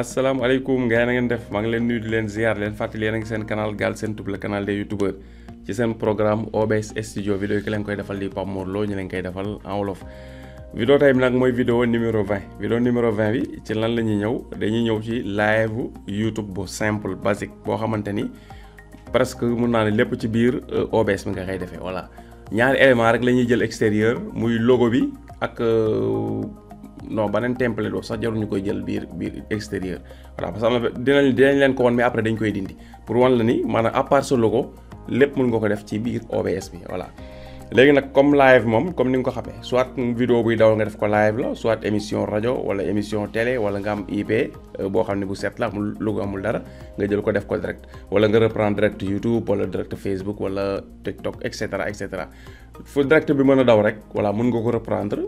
asalaamaaleykum gars yi na ngeen def maa ngi leen nuyu di leen ziar leen fàttali yéen a ngi seen canal Galsen Tube la canal des youtubeurs ci seen programme OBS studio vidéo ki leen koy defal di Pape Mor Lo ñu leen koy defal en wolof. vidéo tey bi nag mooy vidéo numéro 20 vidéo numéro 20 bi ci lan la ñuy ñëw dañuy ñëw ci live youtube bu simple basique boo xamante ni presque mun naa ne lépp ci biir euh, OBS mi nga koy defee voilà ñaari élément rek la ñuy jël extérieur muy logo bi ak. Euh, non beneen template boobu sax jarul koy jël biir biir extérieur voilà parce que am na dinañ dinañ leen ko won mi après dañ koy dindi pour wan la ni maanaam a part sa logo lépp mun nga ko def ci biir OBS bi voilà. léegi nag comme live moom comme ni nga ko xamee soit vidéo buy daw nga def ko live la soit émission rajo wala émission télé wala nga am IP euh, boo xam ne bu set la amul logo amul dara nga jël ko def ko direct wala nga reprendre direct YouTube wala direct Facebook wala TikTok et cetera et cetera fu direct bi mën a daw rek voilà mën nga ko reprendre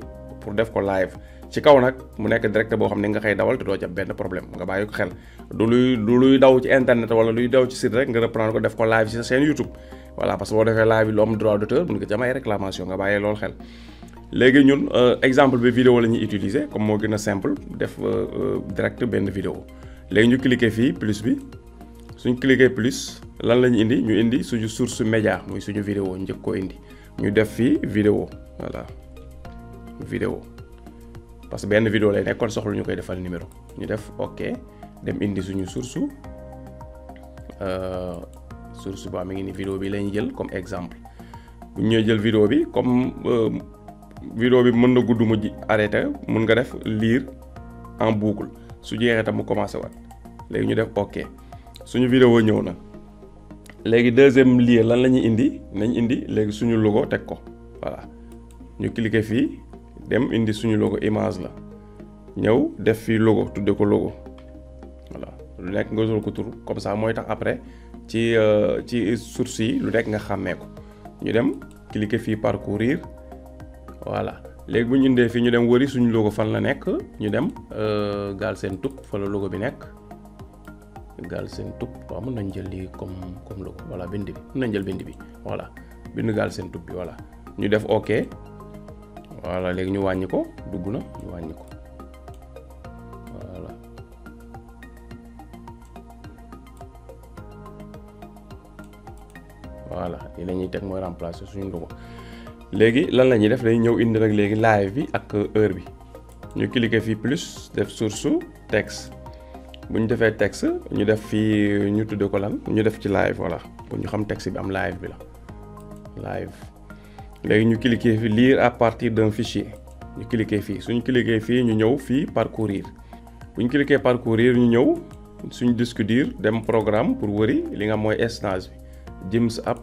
pour def ko live. ci kaw nag mu nekk direct boo xam ne nga xëy dawal te doo ci benn problème nga bàyyi ko xel du luy luy daw ci internet wala luy daw ci site rek nga reprendre ko def ko live ci sa chaîne YouTube voilà parce que boo defee live bi lu am droit d'auteur mun nga ci loolu xel léegi ñun euh, exemple bi vidéo la ñuy utiliser comme moo gën a simple def euh, euh, direct benn vidéo léegi ñu cliquer fii plus bi suñ cliquer plus lan la ñu indi ñu indi suñu source média muy suñu vidéo njëkk koo indi ñu def fii vidéo voilà vidéo parce que benn vidéo lay nekkoon soxlu ñu koy defal numéro ñu def ok dem indi suñu source euh, source ba mi ngi ni vidéo bi lañu jël comme exemple bu ñu jël vidéo bi comme euh, vidéo bi mën na gudd mu arrêté mun nga def liir en boucle su jeexee tam mu commencé wat léegi ñu def ok suñu vidéo ñëw na léegi deuxième lien lan la ñuy indi nañ indi léegi suñu logo teg ko voilà ñu cliquer fii dem indi suñu logo image la ñëw def fii logo tudde ko logo voilà lu nekk nga sol ko tur comme sax mooy tax après ci euh, ci source lu nekk nga xàmmee ko ñu dem cliquer fii parcourir voilà léegi bu ñu indee fii ñu dem wëri suñu logo fan la nekk ñu dem euh, Galsen Tube fa la logo bi nekk Galsen Tube waaw mun nañ jël lii comme comme logo voilà bind bi mën nañ jël bind bi voilà bind Galsen Tube bi voilà ñu def ok voilà léegi ñu wàññi ko dugg na ñu wàññi ko voilà voilà li la ñuy teg mooy remplacer suñu logo léegi lan la ñuy def day ñëw indi rek léegi live bi ak heure bi ñu cliquer fii plus def source texte bu ñu defee texte ñu def fii ñu tudde ko lan ñu def ci live voilà pour ñu xam texte bi am live bi la live léegi ñu cliquer fi lii à partir d'un fichier ñu cliquer fii suñ cliquer fii ñu ñëw fii parcourir buñ cliquer parcourir ñu ñëw suñu disque dur dem programme pour wëri li nga mooy snaz bi Jeems app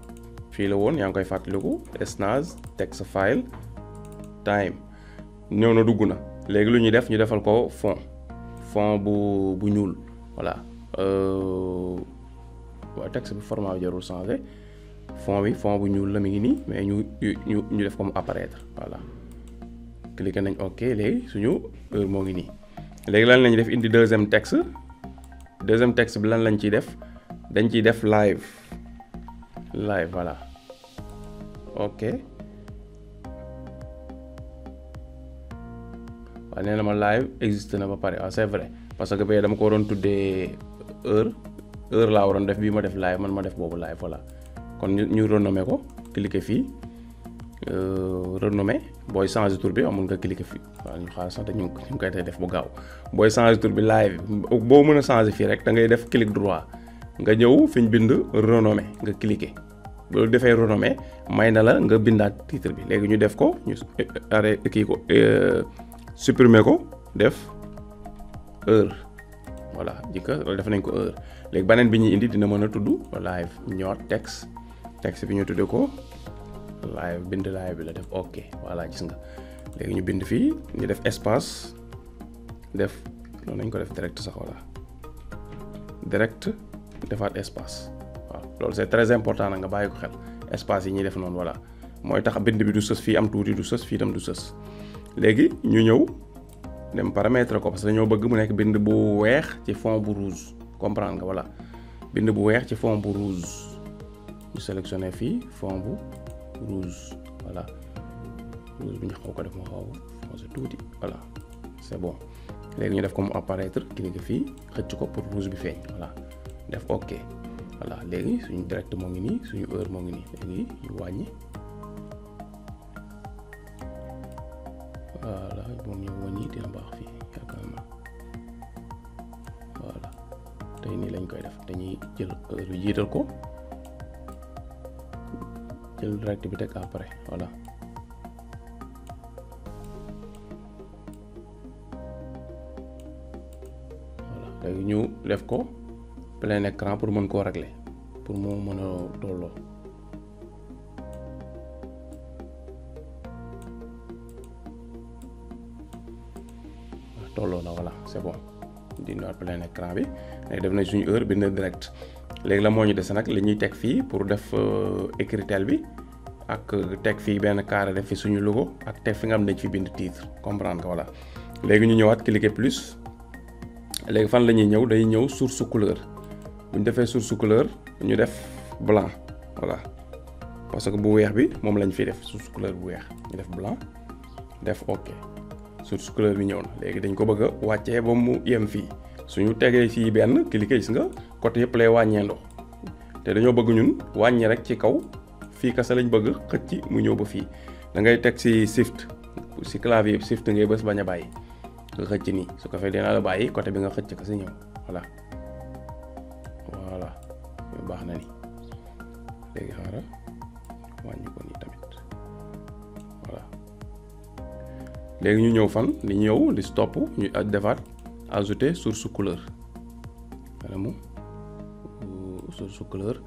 fii la woon yaa ngi koy fàttaliku snaz text file time ñëw na dugg na léegi lu ñuy def ñu defal ko fond fond bu bu ñuul voilà euh, waa texte bi format bi jarul changé fond bi fond bu ñuul la mi ngi nii mais ñu ñu ñu def ko mu apparaître voilà cliquer nañ ok léegi suñu heure moo ngi nii léegi lan lañu def indi deuxième texte deuxième texte bi lan lañ ciy def dañ ciy def live live voilà ok waaw nee na ma live existe na ba pare waaw ah, c'est vrai parce que bee dama ko waroon tuddee heure heure laa waroon def bii ma def live man ma def boobu live voilà kon ñu ñu ko cliquer fii euh, renommé booy changer tour bi amul nga cliquer fii waaw ñu xaar sax te ñu ñu koy def bu gaaw booy changer tur bi live boo mën a changer fii rek dangay def clic droit nga ñëw fi ñu bind renommé nga cliquer loolu defee renommé may na la nga bindaat titre bi léegi ñu def ko ñu euh, euh, arrêt kii ko supprimer ko def heure voilà jikka def nañ ko heure léegi beneen bi ñuy indi dina mën a tudd live ñëwaat texte texte bi ñu tuddee ko live bind live bi la def ok voilà gis nga léegi ñu bind fii ñu def espace def noonu nañ ko def direct sax voilà direct defaat espace waaw loolu c'est très important na nga bàyyi ko xel espace yi ñuy def noonu voilà mooy tax bind bi du sës fii am tuuti du sës fii tam du sës léegi ñu ñëw dem paramètre ko parce que dañoo bëgg mu nekk bind bu weex ci fond bu rouge comprendre nga voilà bind bu weex ci fond bu rouge ñu sélectionné fii fond rouge voilà rouge bi ñu xaw ko def mu xaw foncé tuuti voilà c'est léegi ñu def ko mu apparaître cliquer fii xëcc ko pour rouge bi feeñ voilà def ok voilà léegi suñu direct moo ngi nii suñu heure moo ngi nii léegi ñu wàññi voilà moom ñu wàññi dina baax fii yaakaar tey nii lañ koy def dañuy jël heure bi jiital ko jël direct bi teg après voilà voilà léegi ñu def ko plein écran pour mën koo régler pour mu mën a tolloo tolloo na voilà c'est bon dindaat plein écran bi léegi def nañ suñu heure bind direct léegi la moo ñu dese nag li ñuy teg fii pour def écritel bi ak teg fii benn carré def fi suñu logo ak teg fi nga am dañ fi bind titre comprendre nga voilà léegi ñu ñëwaat cliquer plus léegi fan la ñuy ñëw day ñëw source couleur bu ñu defee source couleur ñu def blanc voilà parce que bu weex bi moom lañ fi def source couleur bu weex ñu def blanc def ok source couleur bi ñëw na léegi dañ ko bëgg a wàccee ba mu yem fii suñu tegee fii benn cliquer gis nga côté yëpp lay wàññeendoo te dañoo bëgg ñun wàññi rek ci kaw fii kase bëgg xëcc ci mu ñëw ba fii da ngay teg si shift si clavier shift ngay bës bañ a bàyyi nga xëcc nii su ko fee dinaa la bàyyi côté bi nga xëcc ci ñëw voilà voilà baax na léegi ko nii tamit voilà léegi ñu ñëw fan li ñëw li stop ñu defaat ajouter source couleur maanaam source couleur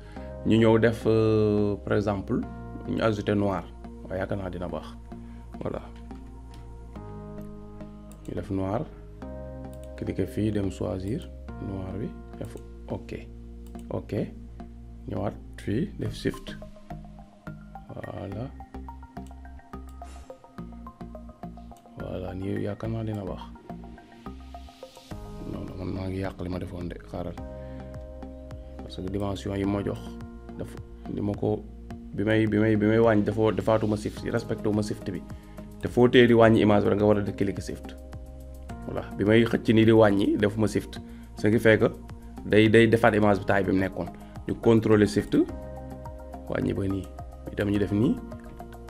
ñu ñëw def euh, par exemple ñu ajouté noir waaye yaakaar naa dina baax voilà ñu def noir cliquer fii dem soisir noir bi def ok ok ñëwaat fii def shift voilà voilà nii yaakaar naa dina baax non man maa ngi yàq li ma defoon de xaaral parce que dimension yi ma jox daf ni ma ko bi may bi may bi may wàññi dafoo defaatuma shift respecté ma shift bi te foo tee di wàññi image bi rek war a def click shift voilà bi may xëcc nii di wàññi defuma shift ce qui fait day day defaat image bi mu nekkoon ñu contrôler shift wàññi ba nii itam ñu def nii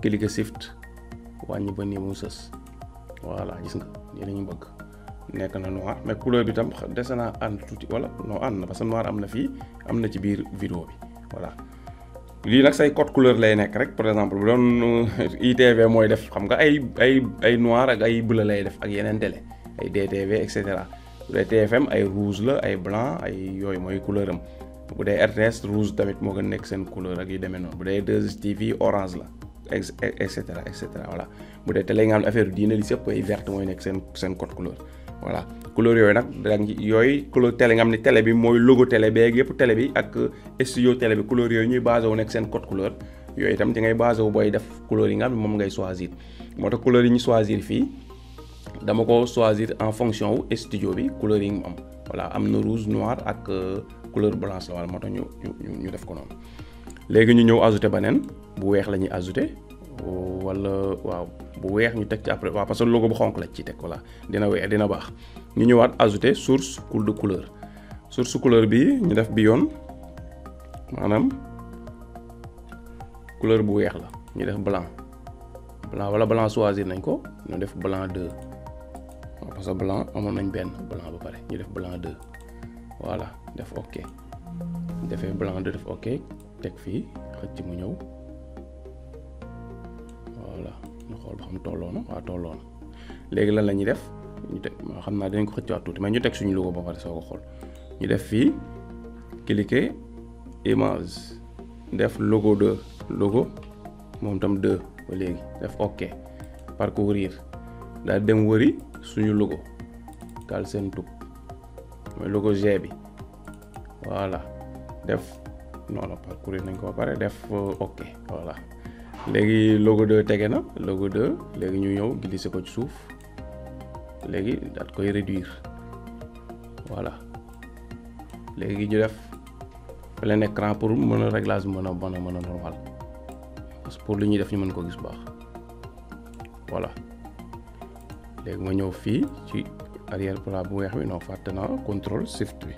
click shift wàññi ba nii mu sës voilà gis nga lii ñu bëgg nekk na noir mais couleur bi tam dese naa ànd tuuti wala noo ànd na ba que noir am na fii am na ci biir vidéo bi. voilà lii nag say code couleur lay nekk rek par exemple bu doon euh, ITV mooy def xam nga ay ay ay noir ak ay bleu lay def ak yeneen télé ay DTV et cetera bu dee TFM ay rouge la ay blanc ay yooyu mooy couleur am bu dee RTS rouge tamit moo gën nekk seen couleur ak yu demee noonu bu dee 2STV orange la et cetera et cetera voilà bu dee télé nga xam ne affaire diine sëpp ay verte mooy nekk seen seen code couleur voilà couleur yooyu nag da yooyu couleur télé nga am ne télé bi mooy logo télé bee yëpp tele bi ak studio tele bi couleur yooyu ñuy basé wu nekk seen code couleur yooyu itam di ngay basé wu booy def couleur yi nga am ne moom ngay choisir moo tax couleur yi ñu choisir fii dama ko choisir en fonction wu bi couleur yi mu am voilà am na rouge noir ak euh, couleur blanche la wala moo tax ñu ñu def ko noonu léegi ñu ñëw ajouté beneen bu weex la ñuy ajouté wala waaw bu weex ñu teg ci après waaw parce que logo bu xonq la ci teg voilà dina weex dina baax ñu ñëwaat ajouter source coule de couleur source couleur bi ñu def bi yoon maanaam couleur bu weex la ñu def blanc blanc wala blanc choisir nañ ko ñu def blanc 2 waaw parce que blanc amoon nañ benn blanc ba pare ñu def blanc 2 voilà def ok defee blanc 2 def ok teg fii xëcc mu ñëw voilà ñu xam tolloo na waaw léegi lan la ñuy def ñu xam naa dinañ ko xëcc waat tuuti mais ñu teg suñu logo ba pare soo ko xol ñu def fii cliquer image def logo 2 logo moom tam 2 ba léegi def ok parcourir daal dem wëri suñu logo Kalsentuk mooy logo G bi voilà def non parcourir nañ ko ba pare def euh, ok voilà léegi logo 2 tege na logo 2 léegi ñu ñëw glisser ko ci suuf léegi daat koy réduire voilà léegi ñu def plein écran pour mën a réglage mën a mën a mën a normal parce que pour li ñuy def ñu mën ko gis baax voilà léegi ma ñëw fii ci arrière plan bu weex bi non fàtte naa control shift bi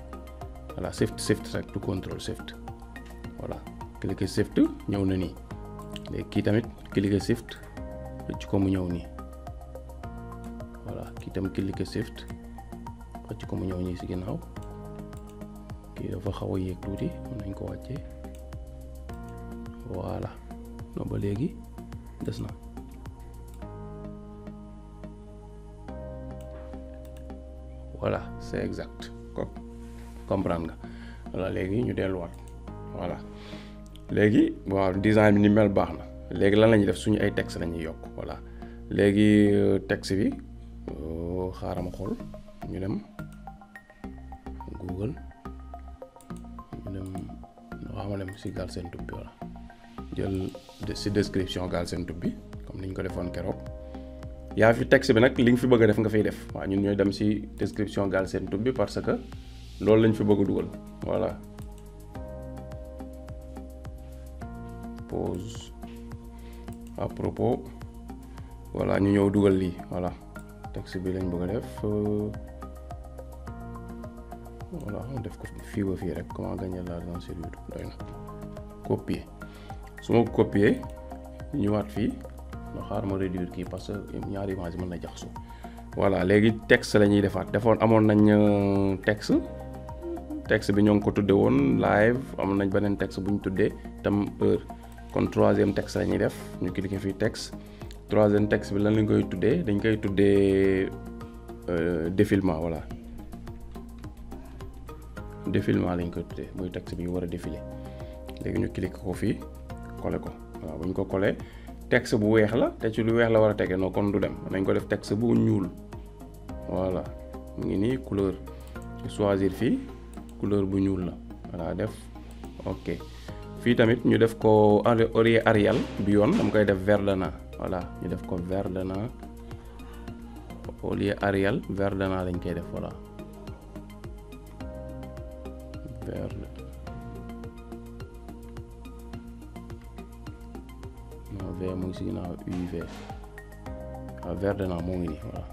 voilà shift shift rek du contrôle shift voilà cliquer shift ñëw na nii léegi kii tamit cliquer shift xëcc ko mu ñëw nii voilà kii tam cliquer shift xëcc ko mu ñëw nii si ginnaaw kii dafa xaw a yéeg tuuti mën nañ ko wàccee voilà no ba léegi des na voilà c'est exact ko comprendre nga voilà léegi ñu delluwaat voilà léegi waaw design bi ni mel baax na léegi lan la ñuy def suñu ay texte la ñuy yokk voilà léegi euh, texte bi euh, xaaram xool ñu dem google ñu dem waaw ma dem si Galsen Tube bi voilà jël si description Galsen Tube bi comme ni ñu ko defoon keroog yaa fi texte bi nag li nga fi bëgg def nga fay def waa ñun ñoo dem si description Galsen Tube bi parce que loolu lañ fi bëgg a dugal voilà propose voilà ñu ñëw dugal lii voilà texte bi lañ bëgg a def euh, voilà def ko fii ba fii rek comment gagner l'argent sur YouTube doy na copier su ma copier ñëwaat fii ma xaar ma réduire kii parce que ñaari image mën na jaxasoo voilà léegi texte la ñuy defaat defoon amoon nañ euh, texte texte bi ñoo ngi ko tudde woon live amoon nañ beneen texte bu ñu tuddee tam heure kon troisième texte la def ñu cliquer fii texte troisième texte bi lan lañ koy tuddee dañ koy tuddee euh, défilement voilà défilement lañ koy tuddee muy texte bi ñu war a défiler léegi ñu cliquer ko fii coller ko waaw bu ñu ko coller texte bu weex la te ci lu weex la war a tege non kon du dem nañ ko def texte bu ñuul voilà mu ngi nii couleur choisir fii couleur bu ñuul la voilà def ok fii tamit ñu def ko au lieu Arial bi yoon dama koy def Verdana voilà ñu def ko Verdana au lieu Arial Verdana lañ koy def voilà verde non V mu ngi si ginnaaw waaw ah,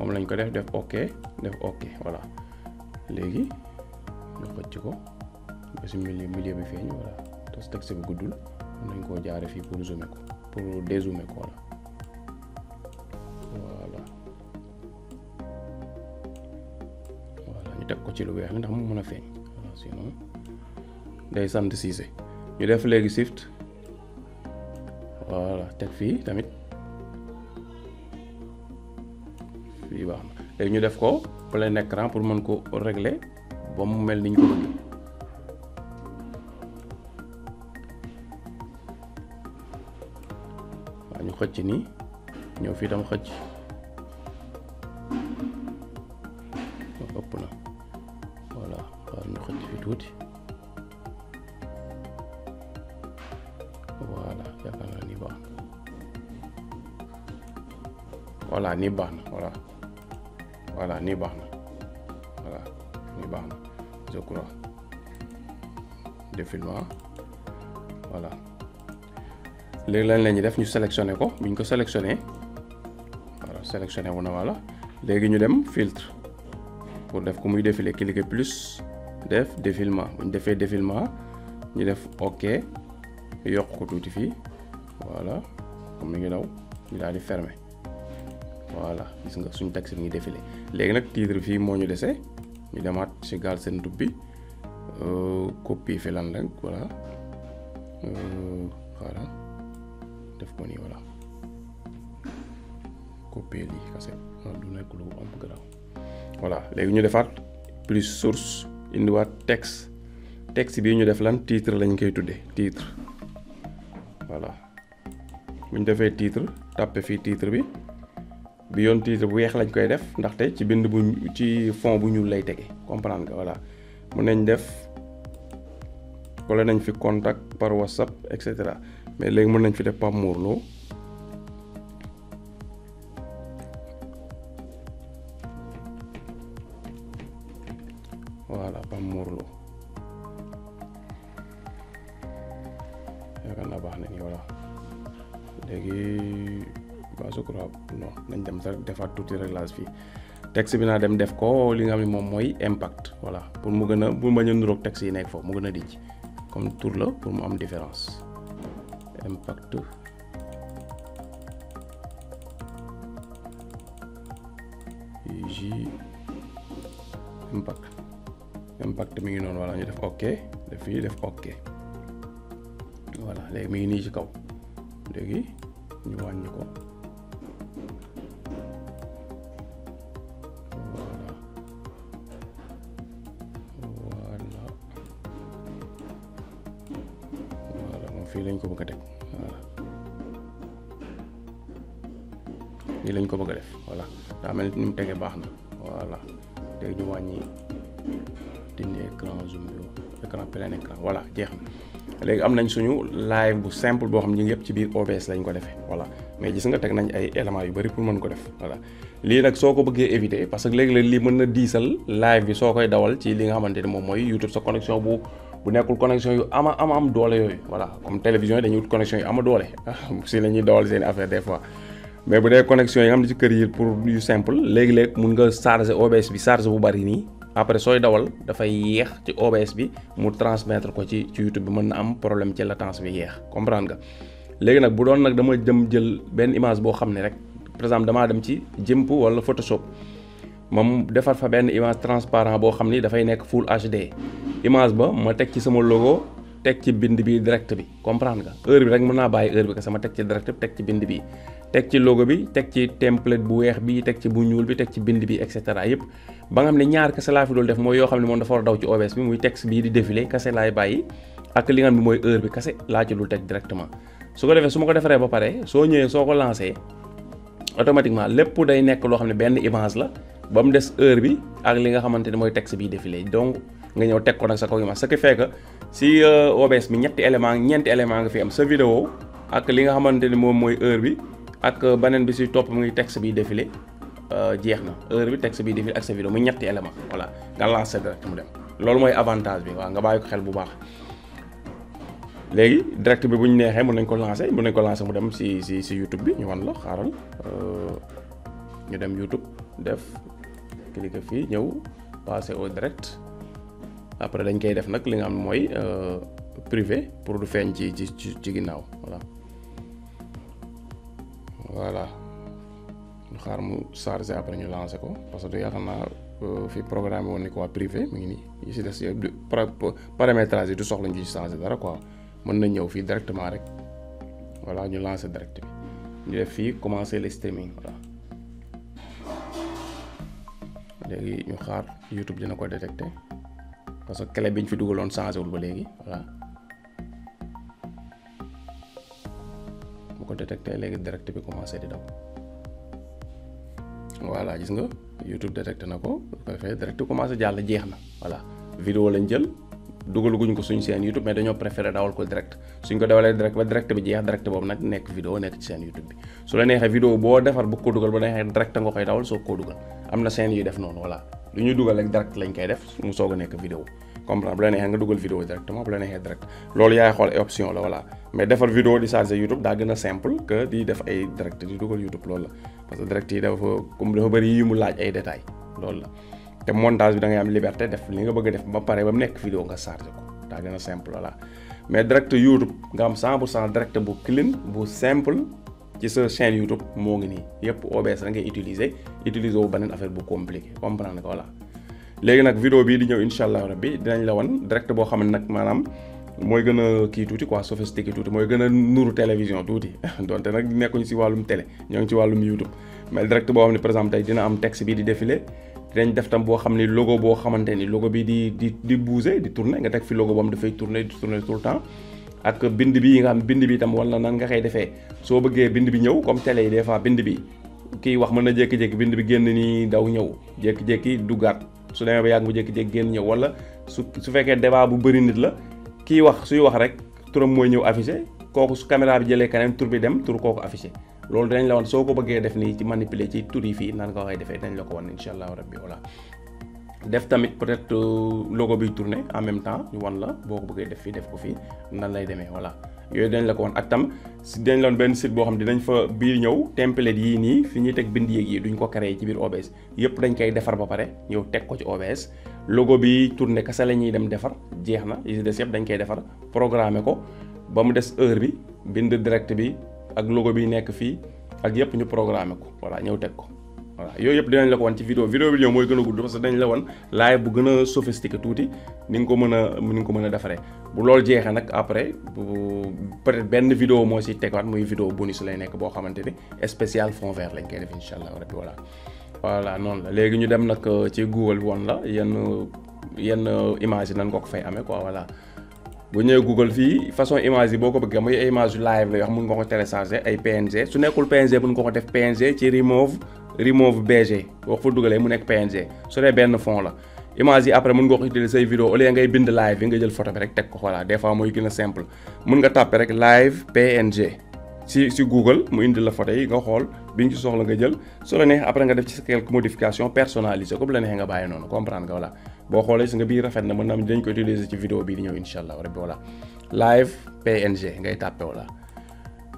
moom lañ ko def def ok def ok voilà léegi ñu xëcc ko ba si milieu milieu bi feeñ voilà te texte bi guddul nañ koo jaare fii pour zoomer ko pour dézoomer ko la voilà ñu teg ko ci lu weex li ndax mu mën a feeñ voilà sinon day sant Cissé ñu def léegi shift voilà teg fii tamit fii baax na léegi ñu def ko plein écran pour mën ko régler ba mu mel ni ñu ko xëcc nii ñëw fii tam xëcc ëpp na voilà xaar ñu xëcc fi tuuti voilà yaakaar naa ni baax na voilà nii baax na voilà voilà baax na voilà nii baax léegi lan la ñuy def ñu sélectionné ko bu ñu ko sélectionné voilà sélectionné wu na walla léegi ñu dem filtre pour def ko muy défilé cliquer plus def défilement bu ñu defee défilement ñu def ok yokk ko tuuti fii voilà comme mi ngi daw ñu daal di fermer voilà gis nga suñu texte bi ngi défilé léegi nag titre fii moo ñu desee ñu demaat si Galsen Tube bi euh, copier fi lan rek voilà euh, voilà def ko nii voilà copier lii kase du nekk voilà léegi ñu defaat plus source indiwaat texte texte bii ñu def lan titre lañ koy tuddee titre voilà bu ñu defee titre tàppe fii titre bi bi yoon titre bu weex lañ koy def ndaxte ci bind bu ci fond bu ñuul lay tege comprendre nga voilà mun nañ def wala nañ fi contact par whatsapp et cetera mais léegi mën nañ fi def Pape Mor Lo voilà Pape Mor Lo naa baax na ni voilà léegi ba je crois nañ dem sax defaat tuuti réglage fii texte bi naa dem def ko li nga xam ne moom mooy impact voilà pour mu gën a pour mu bañ a nuroog texte yi nekk foofu mu gën a dijj comme tour la pour mu am différence impact j impact impact mi ngi noonu voilà ñu def ok def fii def ok voilà léegi mi ngi nii ci kaw léegi ñu wàññi ko voilà voilà moom fii lañ ko bëgg teg daa ni mu tegee baax na voilà léegi ñu wàññi dindi écran zoom bio écran plein écran voilà jeex na léegi am nañ suñu live bu simple boo xam ñu yëpp ci biir OBS lañ ko defee voilà mais gis nga teg nañ ay éléments yu bëri pour mën ko def voilà lii nag soo ko bëggee éviter parce que léegi la lii mën na diisal live bi soo koy dawal ci li nga xamante ne moom mooy YouTube sa connexion bu bu nekkul connexion yu ama ama am doole yooyu voilà comme télévision yi dañuy wut connexion yu doole si la ñuy dawal seen affaire des fois mais bu dee connexion yi nga xam ne ci kër yi pour yu simple léegi-léeg mun nga charger OBS bi charge bu bari nii après sooy dawal dafay yéex ci OBS bi mu transmettre ko ci ci YouTube bi mën na am problème ci latence bi yéex comprendre nga léegi nag bu doon nag dama jëm jël benn image boo xam ne rek par exemple damaa dem ci jëmp wala Photoshop moom defar fa benn image transparent boo xam ni dafay nekk full HD image ba ma teg ci sama logo teg ci bind bi direct bi comprendre nga heure bi rek mën naa bàyyi heure bi kese ma teg ci direct bi teg ci bind bi teg ci logo bi teg ci template bu weex bi teg ci bu ñuul bi teg ci bind bi et cetera yëpp ba nga xam ne ñaar kese laa fi doon def mooy yoo xam ne moom dafa war a daw ci OBS bi muy texte bii di défilé kese laay bàyyi ak li nga xam ne mooy heure bi kese laa ci dul teg su ko defee su ma ko defaree ba pare soo ñëwee ko lancé automatiquement lépp day nekk loo xam ne benn image la ba mu des heure bi ak li nga xamante ne mooy texte bii défilé donc nga ñëw teg ko nag sa kaw ma sa qui fait que si euh, OBS bi ñetti élément ñeenti élément nga fi am sa vidéo ak li nga xamante ni moom mooy heure bi ak euh, beneen bi si topp mu muy texte bi défilé euh, jeex na heure bi texte bi défilé ak sa vidéo muy ñetti élément voilà nga lancé direct mu dem loolu mooy avantage bi waaw nga bàyyi ko xel bu baax léegi direct bi bu neexee mun nañ ko lancé mën nañ ko mu dem si si si YouTube bi ñu wan la xaaral ñu dem YouTube def cliquer fii ñëw passer au direct après dañ koy def nag li nga xam ne mooy euh, privé pour du feeñ ci ci ci ginnaaw voilà voilà ñu xaar mu chargé après ñu lancé ko parce que yaakaar naa euh, fi programme woon ni quoi privé mu ngi nii yi si des du paramétrage yi du soxla ñu ci changé dara quoi mën na ñëw fii directement rek voilà ñu lancé direct bi ñu def fii commencer les streaming voilà léegi ñu xaar YouTube dina ko détecté parce que clé bi ñu fi dugaloon changé wul ba léegi voilà bu ko détecté léegi direct bi commencé di daw voilà gis nga YouTube détecté na ko bu ko defee direct commencé jàll jeex na voilà vidéo lañ jël. dugal guñ ko suñ seen YouTube mais dañoo préféré dawal ko direct suñ ko dawalee direct ba direct bi jeex direct boobu nag nekk vidéo nekk ci seen YouTube bi su la neexee vidéo boo defar bu ko dugal ba neexee direct nga koy dawal soo ko dugal am na seen yu def noonu voilà lu ñuy dugal direct lañ koy def mu soog nekk vidéo comprendre bu la neexee nga dugal vidéo directement bu la neexee direct loolu yaay xool ay option la voilà mais defar vidéo parce que direct yi dafa comme mu laaj ay détails loolu la te montage bi da ngay am liberté def li nga bëgg def ba pare ba mu nekk vidéo nga chargé ko daa gën a simple voilà mais direct YouTube nga am 100 pour cent direct bu clean bu simple ci sa chaîne YouTube moo ngi nii yëpp OBS la ngay utiliser utiliser wu beneen affaire bu compliqué comprendre ko voilà. léegi nag vidéo bii di ñëw incha allah rabbi dinañ la wan direct boo xam ne nag maanaam mooy gën a kii tuuti quoi sophistiqué tuuti mooy gën a nuru télévision tuuti donte nag nekkuñ si wàllum télé ñoo ngi ci wàllum direct boo xam ne par exemple tey dina am bii di défilé. dañ def tam boo xam ni logo boo xamante ni logo bi di di di bouger di tourner nga teg fi logo boobu dafay tourner di tourner tout ak bind bi yi nga xam bind bi tam wala nan nga kay defee soo bëggee bind bi ñëw comme télé yi des fois bind bi kii wax mën na jékki-jékki bind bi génn nii daw ñëw jékki-jékki su demee ba yàgg mu jékki-jékki génn ñëw wala su su fekkee débat bu bëri nit la kiy wax suy wax rek turam mooy ñëw affiché kooku su caméra bi jëlee kanam tur bi dem tur kooku affiché loolu dañ la wan soo ko bëggee def nii ci manipuler ci tur yi fii nan nga koy defee dinañ la ko wan incha allahu rabbi voilà def tamit peut-être euh, logo bi tourné en même temps ñu wan la boo ko def fii def ko fii nan lay demee voilà yooyu dañ la ko ak tam dañ loon benn site boo xam ne dinañ fa biir ñëw template yii nii fi ñuy teg bind yéeg yi duñ ko créé ci biir OBS yëpp dañ koy defar ba pare ñëw teg ko ci obees logo bi tourné kasa la ñuy dem defar jeex na yi des yëpp dañ koy defar programmer ko ba mu des heure bi bind direct bi ak logo bi nekk fii ak yëpp ñu programmé ko voilà ñëw teg ko voilà yooyu yëpp dinañ la ko wan ci vidéo vidéo bi ñëw mooy gën a gudd parce que dañ la wan live bu gën a sophistiqué tuuti ni nga ko mën a ni nga ko mën a defaree bu loolu jeexee nag après peut-être benn vidéo moo si tegaat muy vidéo bonus lay nekk boo xamante ni spécial fond vert lañ koy def incha allah rabbi voilà voilà noonu la léegi ñu dem nag euh, ci Google bi woon la yenn yenn image yi nan nga ko fay amee quoi bu ñëwee Google fii façon image yi boo ko bëggee muy image live la yoo xam mun nga ko télécharger ay PNG su nekkul PNG mun nga ko def PNG ci remove remove BG boo ko fa dugalee mu nekk PNG su dee benn fond la image yi après mun nga ko utiliser say vidéo au lieu ngay bind live bi nga jël foto bi rek teg ko voilà des fois mooy gën a simple mun nga tàppe rek live PNG si si Google mu indi la photo yi nga xool biñ ci soxla nga jël su la neex après nga def ci quelques modifications personnalisées ko bu la neexee nga bàyyi noonu comprendre nga boo xoolee si nga bii rafet na mën na am dinañ ko utiliser ci vidéo bii di ñëw incha allah rabbi wala live PNG ngay tàppe wala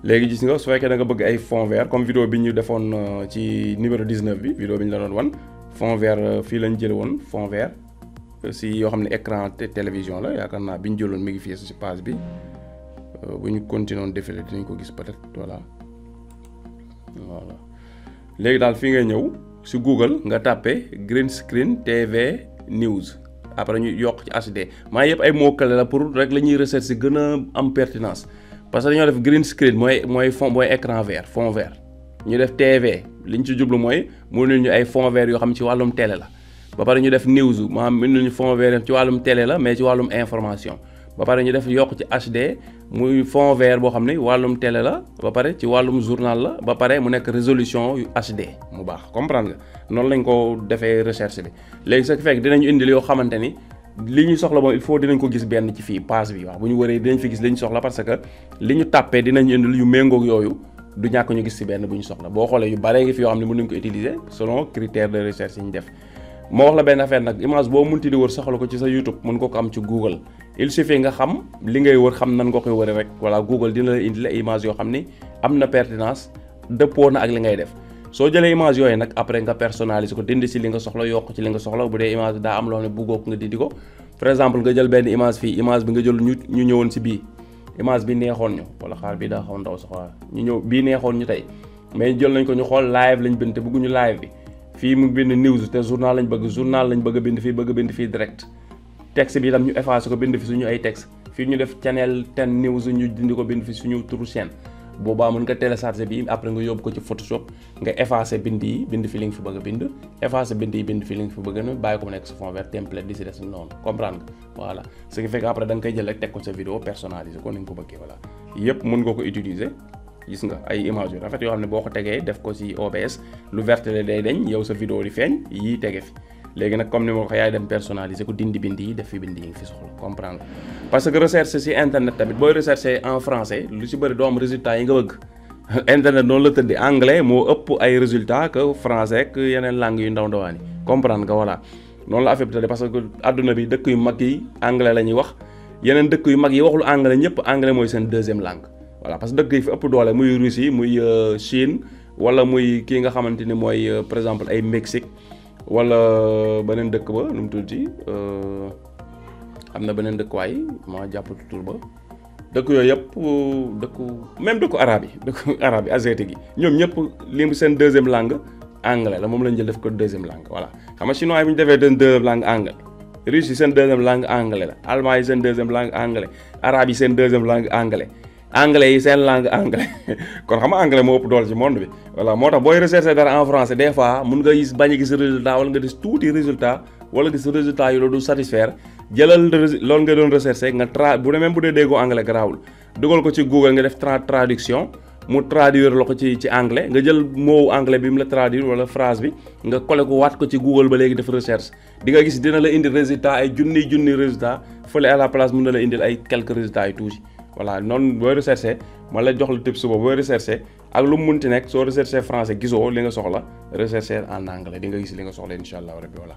léegi gis nga su fekkee da nga bëgg ay fond vert comme bi ñu defoon euh, ci numéro 19 bi vidéo bi ñu la wan fond vert euh, fii lañ jël woon fond vert euh, si yoo xam ne écran télévision la yaakaar naa bi ñu jëloon mi ngi fii si page bi bu ñu continué woon défilé ko gis peut-être léegi daal fii ngay ñëw si Google nga tàppe green screen TV. news après ñu yokk ci HD maa yëpp ay mots clés la pour rek la ñuy recherche gën a am pertinence parce que dañoo def green screen mooy mooy fond mooy écran vert fond vert ñu def TV li ñu ci jublu mooy mu ne ñu ay fond vert yoo xam ci wàllum télé la ba pare ñu def news maanaam mën nañu fond vert ci wàllum tele la mais ci wàllum information ba pare ñu def yokk ci HD muy fond ver boo xam ne wàllum télé la ba pare ci wàllum journal la ba pare mu nekk résolution yu HD mu baax comprend nga noonu lañ ko defee recherche bi léegi ce qui fait dinañu indil yoo xamante ni li ñu soxla moom il faut dinañ ko gis benn ci fii page bi waaw bu ñu waree dinañ fi gis li soxla parce que li ñu tàppee dinañ indil yu méngoog yooyu du ñàkk ñu gis ci benn bu ñu soxla boo xoolee yu bare ngi fi yoo xam ne mun nañ ko utiliser selon critère de recherche yi ñu def moo wax la benn affaire nag image boo munti di wër soxla ko ci sa YouTube mun ko ko am ci Google il suffit nga xam li ngay wër xam nan nga koy wëree rek voilà Google dina la indi la image yoo xam ni am na pertinence dëppoo na ak li ngay def soo jëlee image yooyu nag après nga personnaliser ko dindi si li nga soxla yokk ci li nga soxla bu dee image daa am loo xam ne bëggoo ko nga dindi ko par exemple nga jël benn image fii image bi nga jël ñu ñu ñëwoon si bii image bi neexoon ñu wala xaar bii daa xaw ndaw sax ñu ñëw bii neexoon ñu tey mais jël nañ ko ñu xool live lañ bind te bëgguñu live bi fii mu bind news te journal lañ bëgg journal lañ bëgg a bind fii bëgg a bind fii direct texte bi tam ñu effacé ko bind fi suñu ay texte fii ñu def channel ten news ñu dindi ko bind fi suñu turu chaîne boobaa mën nga télécharger bi après nga yóbbu ko ci photoshop nga effacé bind yi bind fi li nga fi bëgg a bind effacé bind yi bind fi li fi bëgg a bàyyi ko mu nekk sa fond vert di si des noonu comprendre nga voilà ce nga koy jël gis nga ay image yu rafet yoo xam ne boo ko tegee def ko si OBS lu verte la day deñ yow sa vidéo di feeñ yii tege fi léegi nag comme ni ma ko yaay dem personnaliser ko dindi bind yi def fi bind yi nga fi soxla comprendre parce que recherche si internet tamit booy recherche en français lu si bëri doo am résultat yi nga bëgg internet noonu la tëddi anglais moo ëpp ay résultat que français que yeneen langues yu ndaw ndawaan yi comprendre nga voilà noonu la affaire parce que adduna bi dëkk yu mag yi anglais la ñuy wax yeneen dëkk yu mag yi waxul anglais ñëpp anglais mooy seen deuxième langue voilà parce que dëkk yi fi ëpp doole muy Russie muy euh, Chine wala muy kii nga xamante ni mooy euh, par exemple ay Mexique wala euh, beneen dëkk ba nu mu tuddati am na beneen dëkkuwaay ma jàpp tur ba dëkk yooyu yëpp dëkku même dëkku arabe yi dëkku arabe yi asiatique yi ñoom ñëpp li seen deuxième langue anglais la moom lañ jël def ko deuxième langue voilà xam nga chinois yi bu ñu defee seen deuxième langue anglais russe yi seen deuxième langue anglais la allemand yi seen anglais yi seen langue anglais kon xam nga anglais moo ëpp doole ci monde bi voilà moo tax booy recherché dara en français des fois mun nga gis bañ a gis résultat wala nga gis tuuti résultat wala gis résultat yu la loolu nga doon recherché nga tra bu ne même bu dee déggoo anglais garaawul dugal ko ci Google nga def tra traduction mu traduire la ko ci ci anglais nga jël mot anglais bi mu la traduire wala phrase bi nga collé ko waat ko ci Google ba léegi def recherche di nga gis dina la indi résultat ay junniy junniy résultat fële à la place mun na la indil ay quelques résultats yu tuuti. voilà noonu boo recherché ma la jox lu tips boobu boo recherché ak lu mu ti nekk soo recherché francais gisoo li nga soxla recherché en anglais di nga gis li nga soxla incha allah rabbi voilà.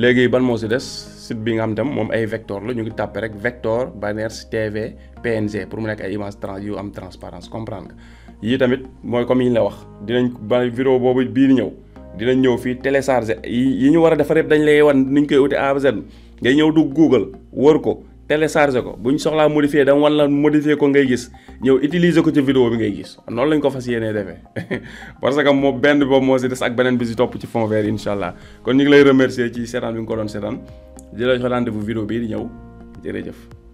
léegi ban moo si des site bi nga xam tam moom ay vecteur la ñu ngi tàppe rek vecteur banners tv png pour mu nekk ay image trans am transparence comprendre nga yii tamit mooy comme yi la wax dinañ ba vidéo boobu bii di ñëw dinañ ñëw fii télécharger yi ñu war a defar yëpp dañ lay wan ni ñu koy uti A ba ngay ñëw dugg Google wër ko télécharger ko bu ñu soxlaa modifier dama wan la modifier ko ngay gis ñëw utiliser ko ci vidéo bi ngay gis noonu lañ ko fas yéenee defee parce que moo benn boobu moo si des ak beneen bi si topp ci fond vert incha allah kon ñu ngi lay remercier ci seetaan bi nga ko doon seetaan di la jox rendez-vous vidéo bii di ñëw jërëjëf.